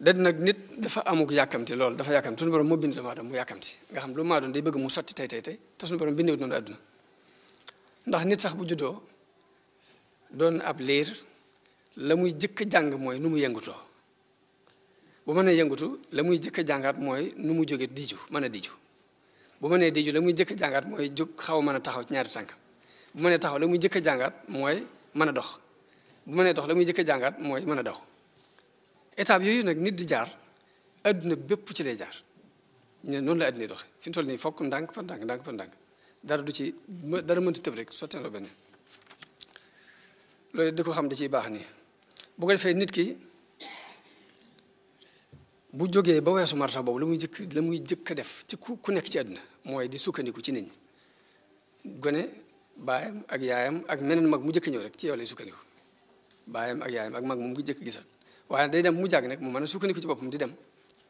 da nag nit dafa amuk yàkkamti loolu dafa yàkkamti suñu borom moo bind doomu aadama mu yàkkamti nga xam lu maa doon day bëgg mu sotti tey tey tey te suñu borom bindewut noonu àdduna ndax nit sax bu juddoo doon ab liir la muy jëkk jàng mooy nu mu yëngutoo bu mënee yëngutu la muy jëkk jàngaat mooy nu mu jóge diju mën a diju bu mënee diju la muy jëkk jàngaat mooy jóg xaw mën a taxaw ñaari tànk bu mënee taxaw la muy jëkk jàngaat mooy mën a dox bu mënee dox la muy jëkk jàngaat mooy mën a dox étape yooyu nag nit di jaar adduna bépp ci lay jaar ñu noonu la adduna dox fi mu toll nii fokk ndànk fa ndànk ndànk fa ndànk dara du ci dara mënti tëb rek sotteeloo benn loolu di ko xam da ci baax nii bu ko defee nit ki bu jógee ba weesu marta boobu la muy jëkk la muy jëkk a def ci ku ku nekk ci àdduna mooy di sukkandiku ci nit ñi gone baayam ak yaayam ak meneen mag mu jëkk ñëw rek ci yow lay sukkandiku baayam ak yaayam ak mag moom ngi jëkk gisal waaye day dem mu jàgg nag mu mën a sukkandiku ci boppam di dem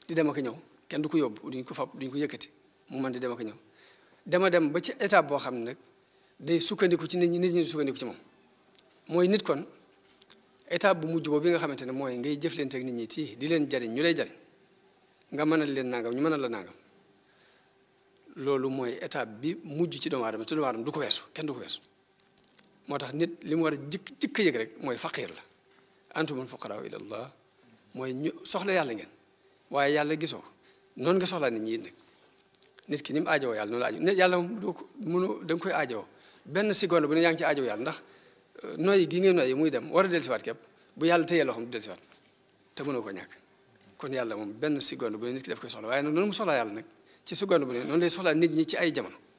di dem ak ñëw kenn du ko yóbbu duñ ko fab duñ ko yëkkati mu mën di dem ak ñëw dama dem ba ci étape boo xam ne nag day sukkandiku ci nit ñi nit ñi sukkandiku ci moom mooy nit kon étape bu mujj boobu bi nga xamante ne mooy ngay jëflante ak nit ñi ci di leen jariñ ñu lay jariñ nga mënal leen nangam ñu mënal la nangam loolu mooy étape bi mujj ci doomu aadama te doomu aadama du ko weesu kenn du ko weesu moo tax nit li mu war a jëkk jëkk yëg rek mooy faqiir la antumul fuqaraa ilallah mooy ñu soxla yàlla ngeen waaye yàlla gisoo noonu nga soxlaa nit ñi it nag nit ki ni mu aajowoo yàlla noonu la aajo yàlla koy aajowoo benn seconde bu ne yaa ngi ci aajow yàlla ndax euh, noyyi gi ngay noyyi muy dem war a dellusiwaat képp bu yàlla téyee loxoom du dellusiwaat te mënoo ko ñàkk kon yàlla moom benn seconde bu ne nit ki daf koy soxla waaye noonu mu soxlaa yàlla nag ci seconde bu ne noonu lay soxlaa nit ñi ci ay jamono